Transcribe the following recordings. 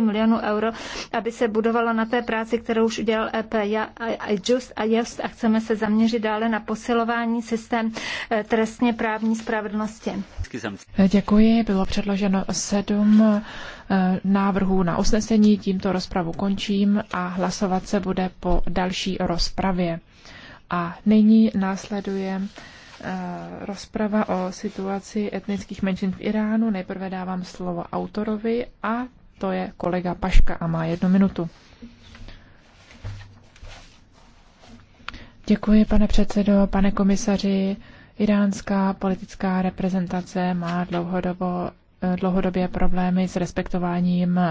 milionů euro, aby se budovalo na té práci, kterou už udělal EP ja, a, Just a Just a chceme se zaměřit dále na posilování systém eh, trestně právní spravedlnosti. Děkuji, bylo předloženo sedm eh, návrhů na usnesení, tímto rozpravu končím a hlasovat se bude po další rozpravě. A nyní následuje eh, rozprava o situaci etnických menšin v Iránu. Nejprve dávám slovo autorovi a to je kolega Paška a má jednu minutu. Děkuji, pane předsedo, pane komisaři. Iránská politická reprezentace má dlouhodobo, dlouhodobě problémy s respektováním eh,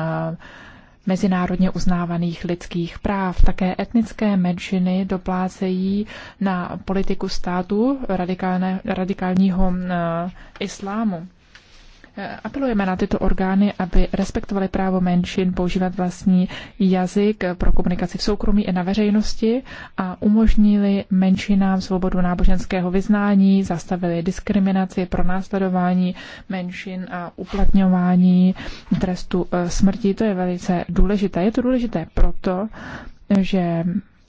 mezinárodně uznávaných lidských práv. Také etnické menšiny doplácejí na politiku státu radikálního eh, islámu. Apelujeme na tyto orgány, aby respektovali právo menšin používat vlastní jazyk pro komunikaci v soukromí i na veřejnosti a umožnili menšinám svobodu náboženského vyznání, zastavili diskriminaci pro následování menšin a uplatňování trestu eh, smrti. To je velice důležité. Je to důležité proto, že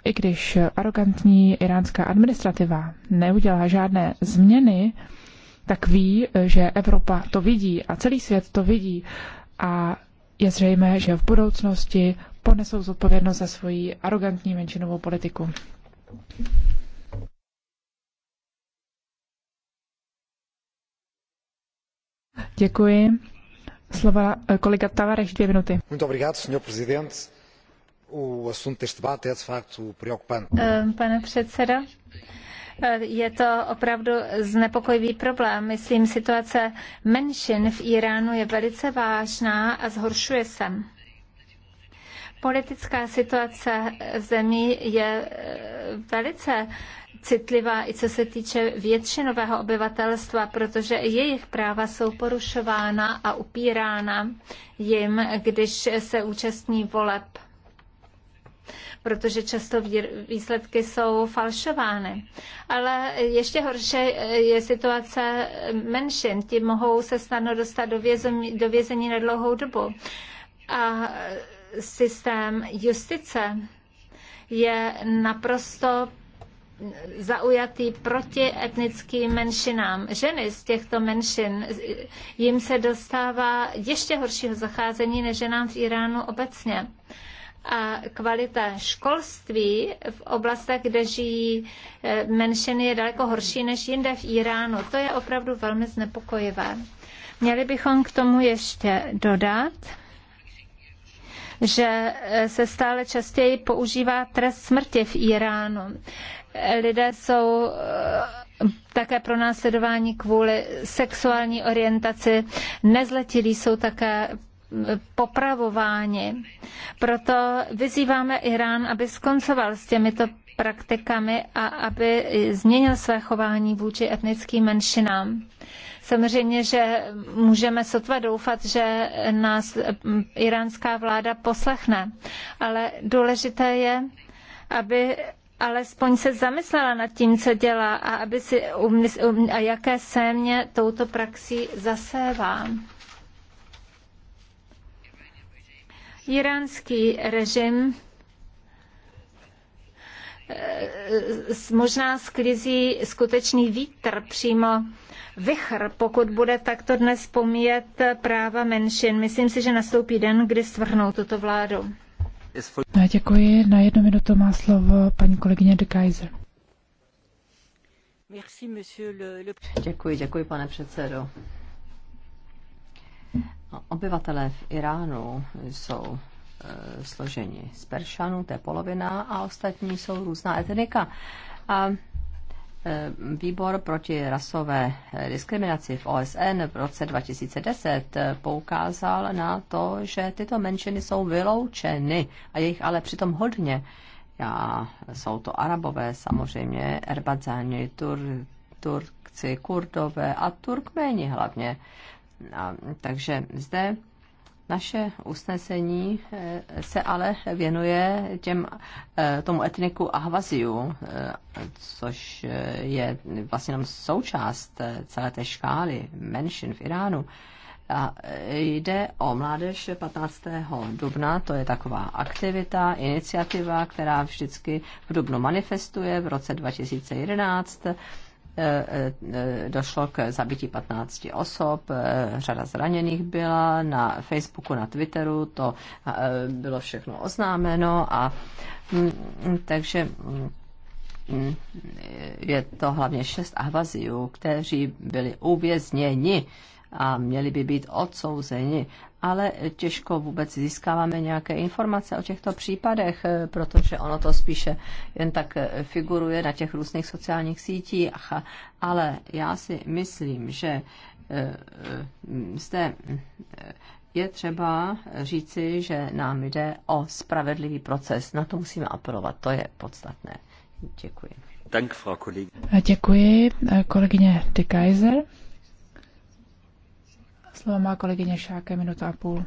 i když arrogantní iránská administrativa neudělá žádné změny, tak ví, že Evropa to vidí a celý svět to vidí a je zřejmé, že v budoucnosti ponesou zodpovědnost za svoji arrogantní menšinovou politiku. Děkuji. Slova eh, kolega Tavareš, dvě minuty. Muito obrigado, senhor presidente. O assunto deste debate é de facto preocupante. Eh, pane předsedo, je to opravdu znepokojivý problém. Myslím, situace menšin v Iránu je velice vážná a zhoršuje se. Politická situace v zemi je eh, velice citlivá i co se týče většinového obyvatelstva, protože jejich práva jsou porušována a upírána jim, když se účastní voleb protože často výsledky jsou falšovány. Ale ještě horší je situace menšin. Ti mohou se snadno dostat do vězení, do vězení na dlouhou dobu. A systém justice je naprosto zaujatý proti etnickým menšinám. Ženy z těchto menšin, jim se dostává ještě horšího zacházení než ženám v Iránu obecně a kvalita školství v oblastech, kde žijí eh, menšiny, je daleko horší než jinde v Iránu. To je opravdu velmi znepokojivé. Měli bychom k tomu ještě dodat, že eh, se stále častěji používá trest smrti v Iránu. Lidé jsou eh, také pro následování kvůli sexuální orientaci. Nezletilí jsou také popravováni. Proto vyzýváme Irán, aby skoncoval s těmito praktikami a aby změnil své chování vůči etnickým menšinám. Samozřejmě, že můžeme sotva doufat, že nás iránská vláda poslechne, ale důležité je, aby alespoň se zamyslela nad tím, co dělá a, aby si, um- a jaké sémě touto praxí zasévá. Iránský režim eh, možná sklizí skutečný vítr přímo vychr, pokud bude takto dnes pomíjet práva menšin. Myslím si, že nastoupí den, kdy svrhnou tuto vládu. No, děkuji. Na jednu minutu má slovo paní kolegyně de Kaiser. Děkuji, děkuji, pane předsedo. Obyvatelé v Iránu jsou e, složeni z Peršanů, to je polovina, a ostatní jsou různá etnika. A e, Výbor proti rasové eh, diskriminaci v OSN v roce 2010 poukázal na to, že tyto menšiny jsou vyloučeny a je jich ale přitom hodně. Já, jsou to arabové samozřejmě, erbazáni, tur, turkci, kurdové a turkméni hlavně. A, takže zde naše usnesení eh, se ale věnuje těm, eh, tomu etniku Ahvaziu, eh, což je vlastně jenom součást celé té škály menšin v Iránu. A jde o mládež 15. dubna, to je taková aktivita, iniciativa, která vždycky v dubnu manifestuje v roce 2011 E, e, došlo k zabití 15 osob, e, řada zraněných byla na Facebooku, na Twitteru, to bylo všechno oznámeno a mm, mm, takže mm, je to hlavně šest Ahvaziů, kteří byli uvězněni a měli by být odsouzeni. Ale těžko vůbec získáváme nějaké informace o těchto případech, eh, protože ono to spíše jen tak eh, figuruje na těch různých sociálních sítích. Ale já si myslím, že eh, zde je třeba říci, že nám jde o spravedlivý proces. Na to musíme apelovat, to je podstatné. Děkuji. Děkuji, kolegyně De Kaiser. Slovo má kolegyně Šáke, minuta a půl.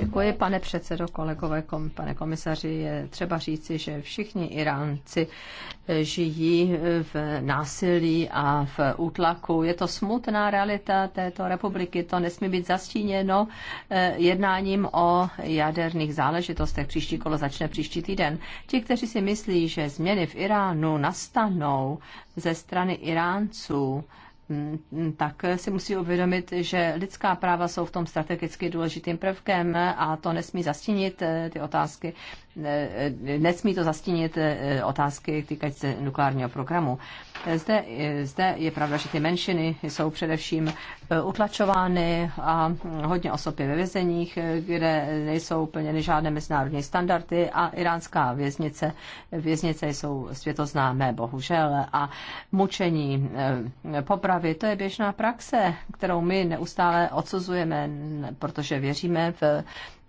Děkuji, pane předsedo, kolegové, kom, pane komisaři. Je třeba říci, že všichni Iránci eh, žijí eh, v násilí a v útlaku. Je to smutná realita této republiky. To nesmí být zastíněno eh, jednáním o jaderných záležitostech. Příští kolo začne příští týden. Ti, kteří si myslí, že změny v Iránu nastanou ze strany Iránců, Mm, mm, tak si musí uvědomit, že lidská práva jsou v tom strategicky důležitým prvkem a to nesmí zastínit eh, ty otázky Eh, nesmí to zastínit eh, otázky týkající se nukleárního programu. Zde, eh, zde je pravda, že ty menšiny jsou především utlačovány a hodně osob je ve vězeních, kde nejsou plněny žádné mezinárodní standardy a iránská věznice, věznice jsou světoznámé, bohužel, a mučení, popravy, to je běžná praxe, kterou my neustále odsuzujeme, protože věříme v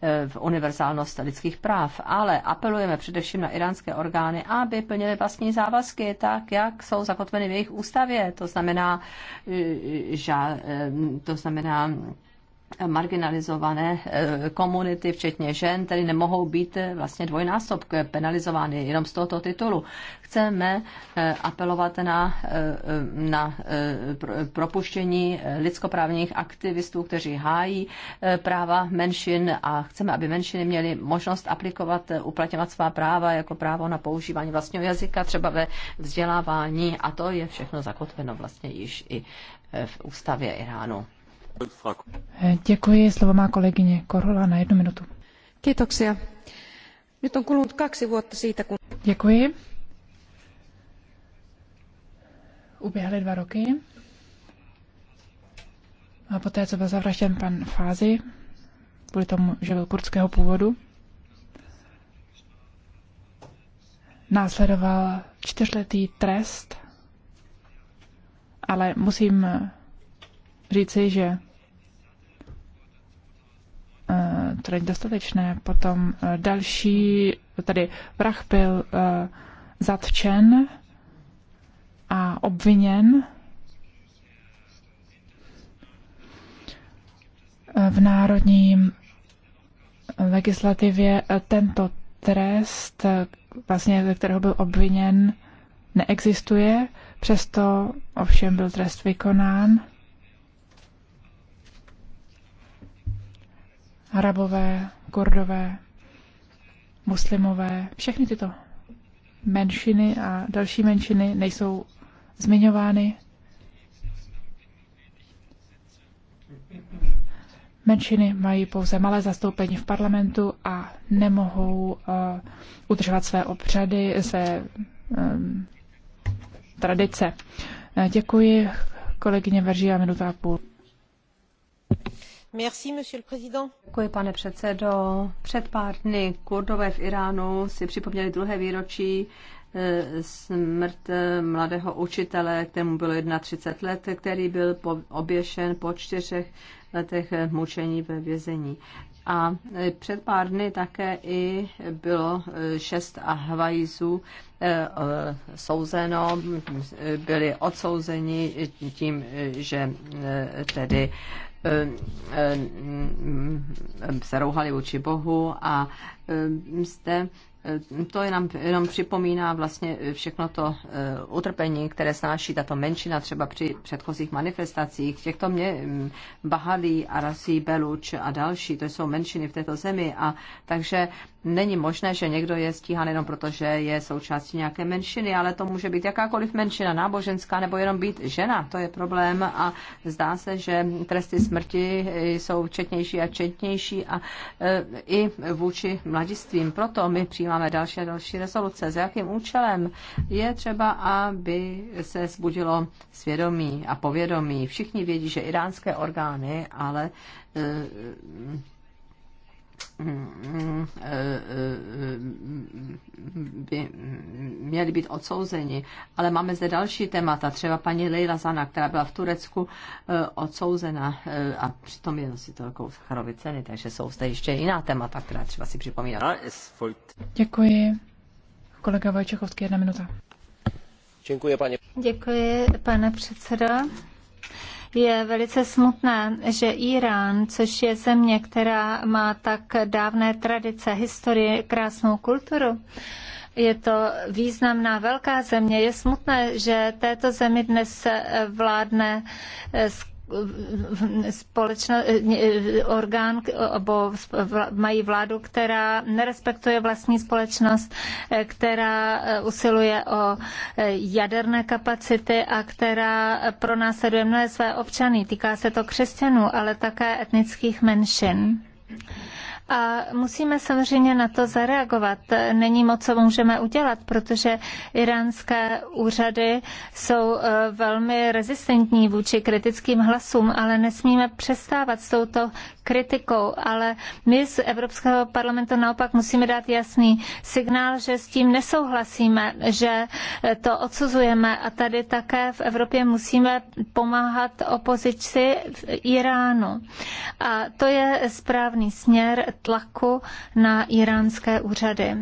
Eh, v univerzálnost lidských práv, ale apelujeme především na iránské orgány, aby plnili vlastní závazky tak, jak jsou zakotveny v jejich ústavě. To znamená, eh, že, eh, to znamená marginalizované eh, komunity, včetně žen, tedy nemohou být eh, vlastně dvojnásob eh, penalizovány jenom z tohoto titulu. Chceme apelovat na, na propuštění lidskoprávních aktivistů, kteří hájí práva menšin a chceme, aby menšiny měly možnost aplikovat, uplatňovat svá práva jako právo na používání vlastního jazyka, třeba ve vzdělávání a to je všechno zakotveno vlastně již i v ústavě Iránu. Děkuji, slovo má kolegyně Korola na jednu minutu. Kiitoksia. Nyt on kulunut kaksi vuotta siitä, kun... Děkuji. Uběhly dva roky. A poté, co byl zavražděn pan Fázi, kvůli tomu, že byl kurdského původu, následoval čtyřletý trest, ale musím říci, že není dostatečné. Potom eh, další, tady vrah byl eh, zatčen a obviněn. Eh, v národním legislativě tento trest, vlastně, ze kterého byl obviněn, neexistuje, přesto ovšem byl trest vykonán. Arabové, Kordové, muslimové, všechny tyto menšiny a další menšiny nejsou zmiňovány. Menšiny mají pouze malé zastoupení v parlamentu a nemohou uh, udržovat své obřady, své um, tradice. Eh, děkuji, kolegyně Verží a minuta a půl. Děkuji, pane předsedo. Před pár dny Kurdové v Iránu si připomněli druhé výročí eh, smrt eh, mladého učitele, kterému bylo 31 let, který byl oběšen po čtyřech letech mučení ve vězení. A eh, před pár dny také i bylo šest a hvajzů souzeno, byli odsouzeni tím, že tedy se rouhali vůči Bohu a e, jste to je nám, jenom připomíná vlastně všechno to eh, utrpení, které snáší tato menšina třeba při předchozích manifestacích. Těchto mě mm, Bahalí, Arasí, Beluč a další, to jsou menšiny v této zemi a takže není možné, že někdo je stíhán jenom proto, že je součástí nějaké menšiny, ale to může být jakákoliv menšina, náboženská nebo jenom být žena, to je problém a zdá se, že tresty smrti jsou četnější a četnější a eh, i vůči mladistvím. Proto my přijímáme máme další a další rezoluce. S jakým účelem je třeba, aby se zbudilo svědomí a povědomí. Všichni vědí, že iránské orgány, ale eh, by měli být odsouzeni. Ale máme zde další témata, třeba paní Leila Zana, která byla v Turecku eh, odsouzena eh, a přitom je nositelkou Sacharovy ceny, takže jsou zde ještě jiná témata, která třeba si připomíná. Děkuji. Kolega Vojčechovský, jedna minuta. Děkuji, paní. Děkuji, pane předsedo. Je velice smutné, že Irán, což je země, která má tak dávné tradice, historii, krásnou kulturu, je to významná velká země. Je smutné, že této zemi dnes vládne společno, eh, eh, orgán, obo mají vládu, která nerespektuje vlastní společnost, eh, která usiluje o jaderné kapacity a která pronásleduje mnohé své občany. Týká se to křesťanů, ale také etnických menšin. A musíme samozřejmě na to zareagovat. Není moc, co můžeme udělat, protože iránské úřady jsou eh, velmi rezistentní vůči kritickým hlasům, ale nesmíme přestávat s touto kritikou. Ale my z Evropského parlamentu naopak musíme dát jasný signál, že s tím nesouhlasíme, že eh, to odsuzujeme a tady také v Evropě musíme pomáhat opozici v Iránu. A to je správný směr, tlaku na iránské úřady.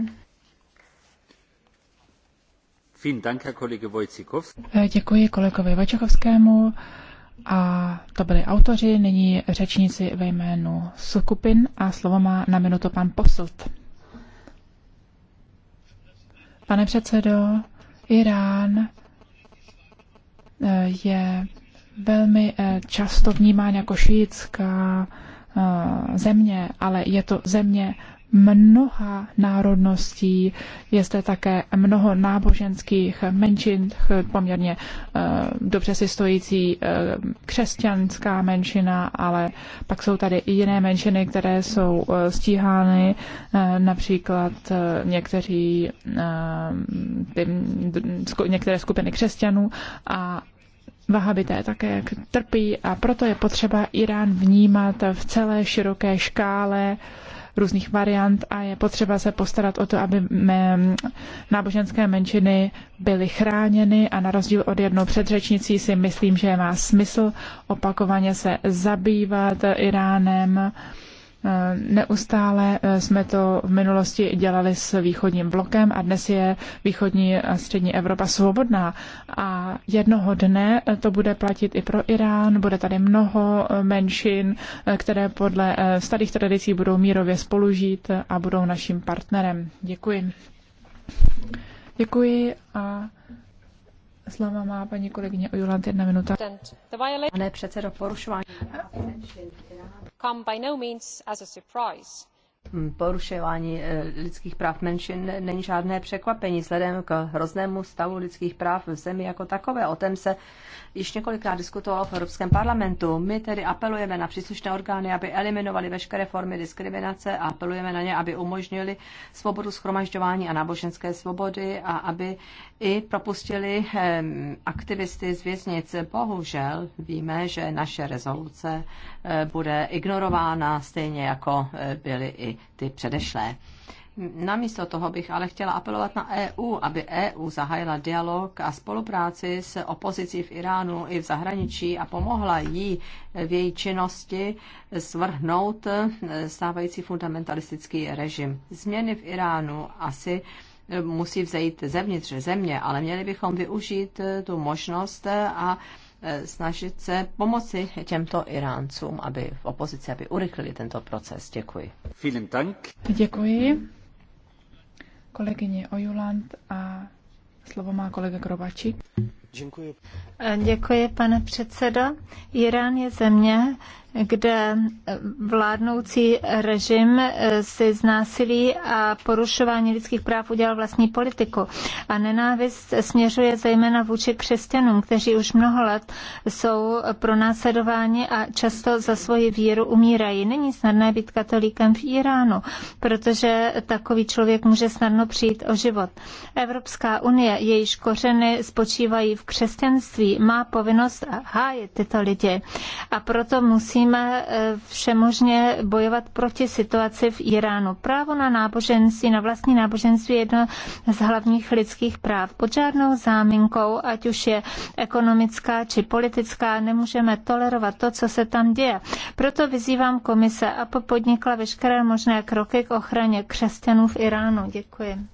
Eh, děkuji kolegovi Vojčechovskému. A to byli autoři, nyní řečníci ve jménu Sukupin a slovo má na minutu pan Posud. Pane předsedo, Irán eh, je velmi eh, často vnímán jako šítská Eh, země, ale je to země mnoha národností, je zde také mnoho náboženských menšin, poměrně eh, dobře si stojící eh, křesťanská menšina, ale pak jsou tady i jiné menšiny, které jsou stíhány, například někteří, některé skupiny křesťanů a Vahabité také trpí a proto je potřeba Irán vnímat v celé široké škále různých variant a je potřeba se postarat o to, aby náboženské menšiny byly chráněny a na rozdíl od jednou předřečnicí si myslím, že má smysl opakovaně se zabývat Iránem Neustále eh, jsme to v minulosti dělali s východním blokem a dnes je východní a střední Evropa svobodná. A jednoho dne eh, to bude platit i pro Irán, bude tady mnoho eh, menšin, které podle starých tradicí budou mírově spolužít a budou naším partnerem. Děkuji. Děkuji a Slova má paní kolegyně o Jolant jedna minuta. Pane předsedo, porušování práv menšin v Iránu porušování eh, lidských práv menšin není žádné překvapení vzhledem k hroznému stavu lidských práv v zemi jako takové. O tom se již několikrát diskutovalo v Evropském parlamentu. My tedy apelujeme na příslušné orgány, aby eliminovali veškeré formy diskriminace a apelujeme na ně, aby umožnili svobodu schromažďování a náboženské svobody a aby i propustili ehm, aktivisty z věznic. Bohužel víme, že naše rezoluce eh, bude ignorována stejně jako eh, byly i ty předešlé. Namísto toho bych ale chtěla apelovat na EU, aby EU zahájila dialog a spolupráci s opozicí v Iránu i v zahraničí a pomohla jí v její činnosti svrhnout stávající fundamentalistický režim. Změny v Iránu asi musí vzejít zevnitř země, ale měli bychom využít tu možnost a Eh, snažit se pomoci těmto Iráncům, aby v opozici, aby urychlili tento proces. Děkuji. Vielen Dank. Děkuji. Kolegyně Ojuland a slovo má kolega Grobačík. Děkuji. Děkuji, pane předsedo. Irán je země, kde vládnoucí režim si z násilí a porušování lidských práv udělal vlastní politiku. A nenávist směřuje zejména vůči křesťanům, kteří už mnoho let jsou pronásledováni a často za svoji víru umírají. Není snadné být katolíkem v Iránu, protože takový člověk může snadno přijít o život. Evropská unie, jejíž kořeny spočívají v křesťanství, má povinnost hájit tyto lidi. A proto musí musíme eh, všemožně bojovat proti situaci v Iránu. Právo na náboženství, na vlastní náboženství je jedno z hlavních lidských práv. Pod žádnou záminkou, ať už je ekonomická či politická, nemůžeme tolerovat to, co se tam děje. Proto vyzývám komise, aby podnikla veškeré možné kroky k ochraně křesťanů v Iránu. Děkuji.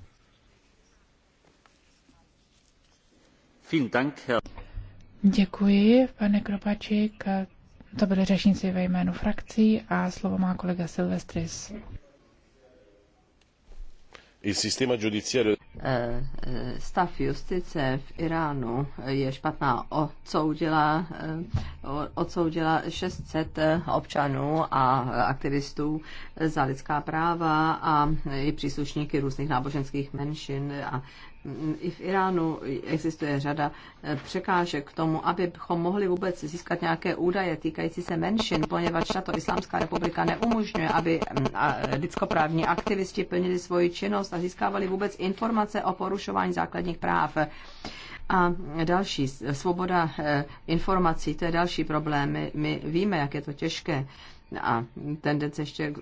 Děkuji, pane Kropačík. To byly řešníci ve jménu frakcí a slovo má kolega Silvestris. Il sistema giudiziario... Eh, eh, stav justice v Iránu je špatná. Odsoudila, eh, odsoudila 600 občanů a aktivistů za lidská práva a i příslušníky různých náboženských menšin a mm, i v Iránu existuje řada překážek k tomu, abychom mohli vůbec získat nějaké údaje týkající se menšin, poněvadž tato Islámská republika neumožňuje, aby mm, lidskoprávní aktivisti plnili svoji činnost pozornost a získávali vůbec informace o porušování základních práv. A další, svoboda eh, informací, to je další problém. My, my víme, jak je to těžké a tendence ještě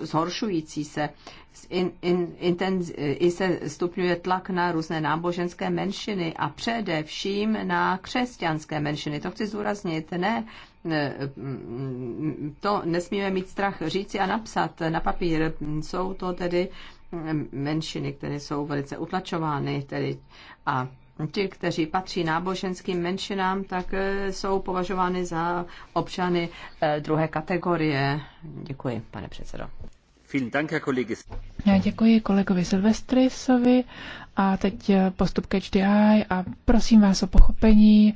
zhoršující se, in, in, intenz, eh, i se stupňuje tlak na různé náboženské menšiny a především na křesťanské menšiny. To chci zúraznit, ne eh, mm, to nesmíme mít strach říci a napsat na papír. Jsou to tedy menšiny, které jsou velice utlačovány, tedy a ti, kteří patří náboženským menšinám, tak eh, jsou považovány za občany eh, druhé kategorie. Děkuji, pane předsedo. Já děkuji kolegovi Silvestrisovi a teď eh, postup ke HDI a prosím vás o pochopení.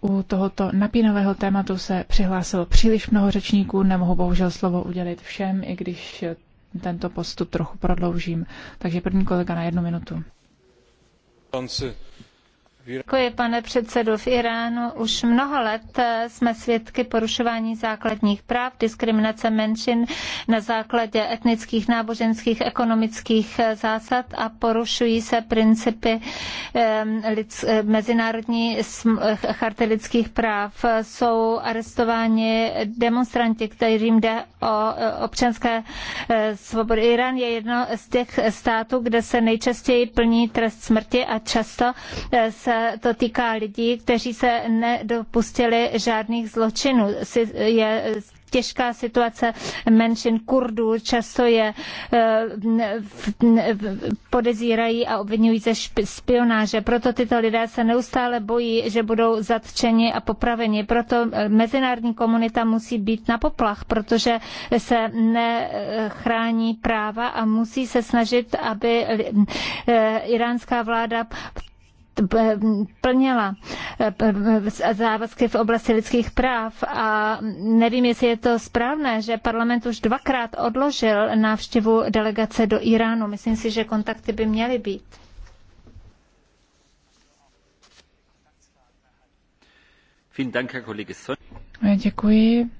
U tohoto napínavého tématu se přihlásilo příliš mnoho řečníků, nemohu bohužel slovo udělit všem, i když tento postup trochu prodloužím. Takže první kolega na jednu minutu. Děkuji, pane předsedo. V Iránu už mnoho let eh, jsme svědky porušování základních práv, diskriminace menšin na základě etnických, náboženských, ekonomických eh, zásad a porušují se principy eh, Mezinárodní charty lidských práv. Jsou arestováni demonstranti, kterým jde o občanské svobody. Irán je jedno z těch států, kde se nejčastěji plní trest smrti a často se se to týká lidí, kteří se nedopustili žádných zločinů. Je těžká situace menšin Kurdů, často je eh, podezírají a obvinují ze špionáže. Proto tyto lidé se neustále bojí, že budou zatčeni a popraveni. Proto mezinárodní komunita musí být na poplach, protože se nechrání práva a musí se snažit, aby eh, iránská vláda plněla eh, závazky v oblasti lidských práv a nevím, jestli je to správné, že parlament už dvakrát odložil návštěvu delegace do Iránu. Myslím si, že kontakty by měly být. Eh, děkuji.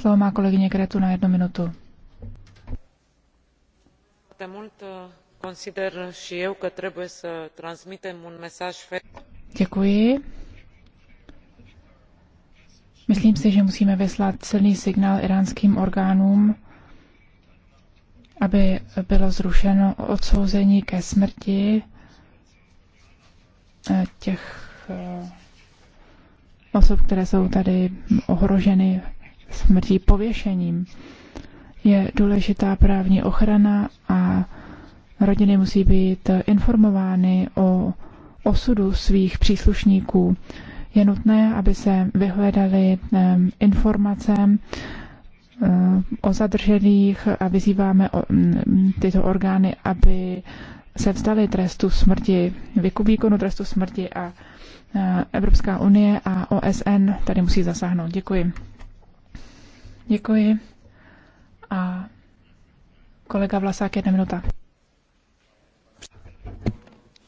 Slovo má kolegyně Kretu na jednu minutu consider i eu că trebuie să transmitem un mesaj Děkuji. Myslím si, že musíme vyslat silný signál iránským orgánům, aby bylo zrušeno odsouzení ke smrti eh, těch eh, osob, které jsou tady ohroženy smrtí pověšením. Je důležitá právní ochrana a Rodiny musí být eh, informovány o osudu svých příslušníků. Je nutné, aby se vyhledaly ehm, informace eh, o zadržených a vyzýváme mm, tyto orgány, aby se vzdali trestu smrti, výkonu trestu smrti a eh, Evropská unie a OSN tady musí zasáhnout. Děkuji. Děkuji. A kolega Vlasák, jedna minuta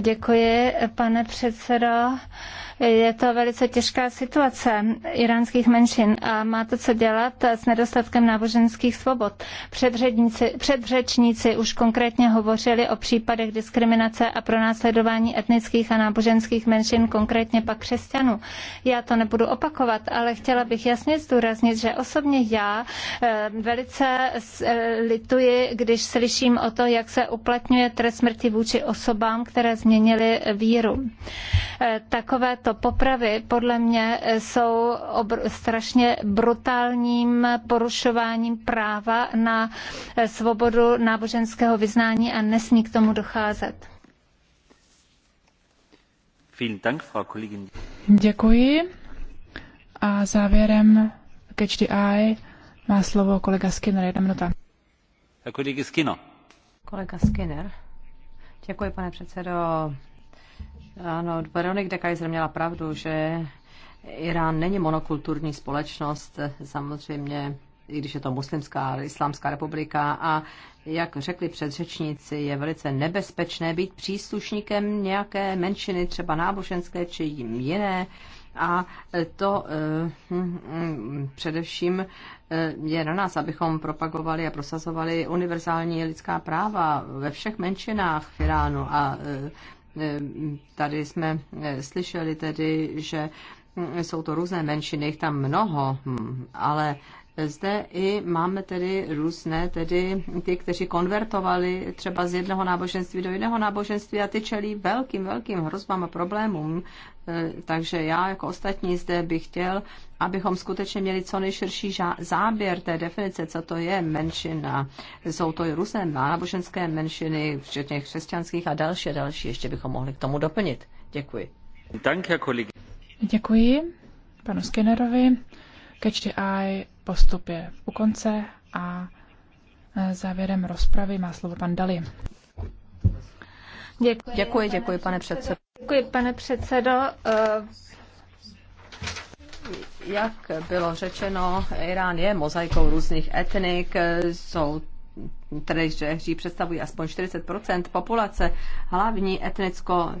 Děkuji. pane předsedo. Je to velice těžká situace iránských menšin a má to co dělat s nedostatkem náboženských svobod. Předředníci, předřečníci už konkrétně hovořili o případech diskriminace a pronásledování etnických a náboženských menšin, konkrétně pak křesťanů. Já to nebudu opakovat, ale chtěla bych jasně zdůraznit, že osobně já eh, velice eh, lituji, když slyším o to, jak se uplatňuje trest smrti vůči osobě osobám, které změnily víru. Eh, takovéto popravy podle mě jsou strašně brutálním porušováním práva na eh, svobodu náboženského vyznání a nesmí k tomu docházet. Děkuji. A závěrem ke HDI má slovo kolega Skinner, jedna minuta. Kolega Skinner. Kolega Skinner. Děkuji, pane předsedo. Ano, Veronik de Kaiser měla pravdu, že Irán není monokulturní společnost, samozřejmě, i když je to muslimská islámská republika a jak řekli předřečníci, je velice nebezpečné být příslušníkem nějaké menšiny, třeba náboženské či jiné a to eh, hm, hm, především eh, je na nás, abychom propagovali a prosazovali univerzální lidská práva ve všech menšinách v Iránu. A eh, tady jsme slyšeli tedy, že hm, jsou to různé menšiny, jich tam mnoho, ale zde i máme tedy různé, tedy ty, kteří konvertovali třeba z jednoho náboženství do jiného náboženství a ty čelí velkým, velkým hrozbám a problémům. E, takže já jako ostatní zde bych chtěl, abychom skutečně měli co nejširší záběr té definice, co to je menšina. Jsou to i různé náboženské menšiny, včetně křesťanských a další další. Ještě bychom mohli k tomu doplnit. Děkuji. Děkuji panu Skinnerovi. Catch the Eye postup je u konce a e, závěrem rozpravy má slovo pan Dali. Děkuji, děkuji, děkuji pane předsedo. Děkuji, pane předsedo. E, Jak bylo řečeno, Irán je mozaikou různých etnik, e, jsou tedy, že představují aspoň 40 populace. Hlavní etnicko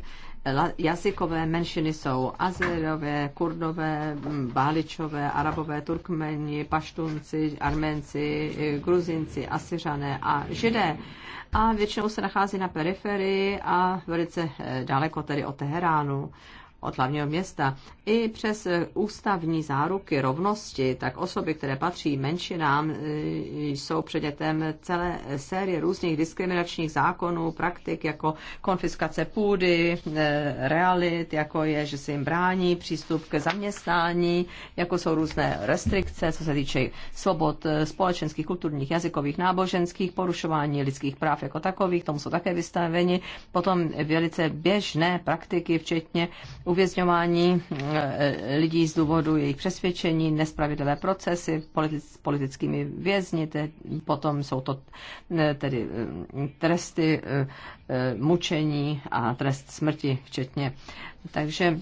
jazykové menšiny jsou Azerové, Kurdové, mm, Báličové, Arabové, Turkmeni, Paštunci, Arménci, eh, Gruzinci, Asiřané a Židé. A většinou se nachází na periferii a velice eh, daleko tedy od Teheránu od hlavního města. I přes eh, ústavní záruky rovnosti, tak osoby, které patří menšinám, eh, jsou předmětem celé série různých diskriminačních zákonů, praktik jako konfiskace půdy, eh, realit, jako je, že se jim brání přístup ke zaměstnání, jako jsou různé restrikce, co se týče svobod společenských, kulturních, jazykových, náboženských, porušování lidských práv jako takových, tomu jsou také vystaveni. Potom velice běžné praktiky, včetně uvězňování eh, lidí z důvodu jejich přesvědčení, nespravedlivé procesy s politickými vězni, te, potom jsou to eh, tedy eh, tresty mučení a trest smrti včetně. Takže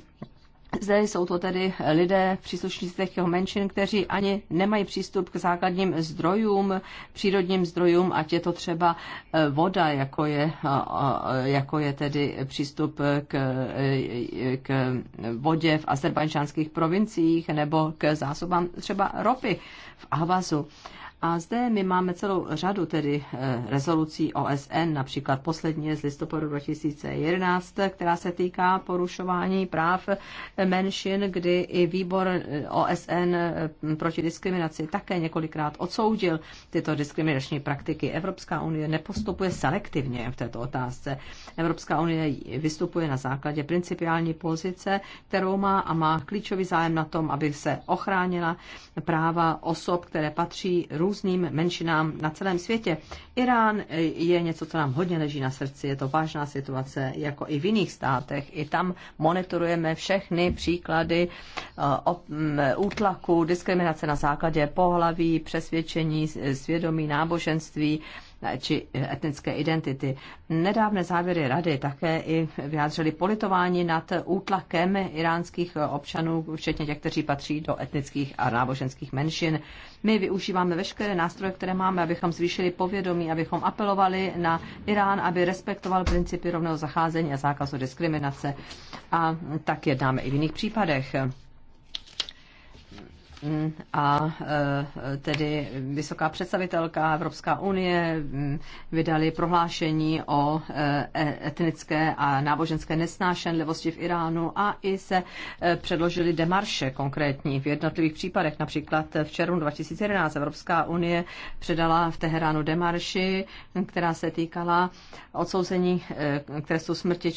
zde jsou to tedy lidé příslušníci těch menšin, kteří ani nemají přístup k základním zdrojům, přírodním zdrojům, ať je to třeba eh, voda, jako je, eh, eh, jako je tedy přístup k, k vodě v azerbajdžánských provinciích nebo k zásobám třeba ropy v Ahvazu. A zde my máme celou řadu tedy eh, rezolucí OSN, například poslední z listopadu 2011, která se týká porušování práv menšin, kdy i výbor eh, OSN eh, proti diskriminaci také několikrát odsoudil tyto diskriminační praktiky. Evropská unie nepostupuje selektivně v této otázce. Evropská unie vystupuje na základě principiální pozice, kterou má a má klíčový zájem na tom, aby se ochránila práva osob, které patří různým různým menšinám na celém světě. Irán eh, je něco, co nám hodně leží na srdci, je to vážná situace, jako i v jiných státech. I tam monitorujeme všechny příklady eh, mm, útlaku, diskriminace na základě pohlaví, přesvědčení, svědomí, náboženství či etnické identity. Nedávné závěry rady také i vyjádřili politování nad útlakem iránských občanů, včetně těch, kteří patří do etnických a náboženských menšin. My využíváme veškeré nástroje, které máme, abychom zvýšili povědomí, abychom apelovali na Irán, aby respektoval principy rovného zacházení a zákazu diskriminace. A tak jednáme i v jiných případech. Mm, a eh, tedy vysoká představitelka Evropská unie mm, vydali prohlášení o eh, e, etnické a náboženské nesnášenlivosti v Iránu a i se eh, předložili demarše konkrétní v jednotlivých případech. Například v červnu 2011 Evropská unie předala v Teheránu demarši, která se týkala odsouzení k trestu smrti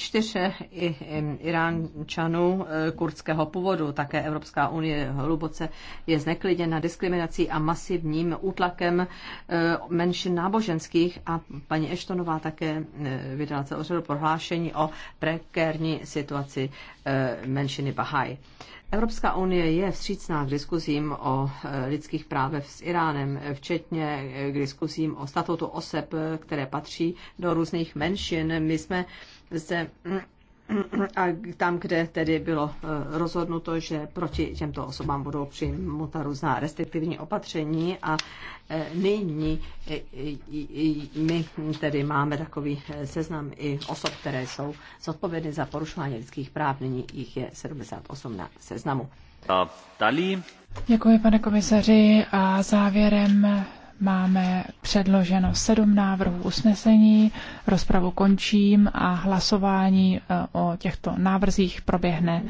i Iránčanů kurdského původu. Také Evropská unie hluboce je znekliděna diskriminací a masivním útlakem eh, menšin náboženských a paní Eštonová také eh, vydala celou řadu prohlášení o prekérní situaci eh, menšiny Bahaj. Evropská unie je vstřícná k diskuzím o lidských právech s Iránem, včetně k diskuzím o statutu osob, které patří do různých menšin. My jsme zde hm, a tam, kde tedy bylo eh, rozhodnuto, že proti těmto osobám budou přijmuta různá restriktivní opatření a eh, nyní eh, my tedy máme takový seznam i osob, které jsou zodpovědny za porušování lidských práv, nyní jich je 78 na seznamu. Dalí. Děkuji, pane komisaři, a závěrem máme předloženo sedm návrhů usnesení, rozpravu končím a hlasování e, o těchto návrzích proběhne.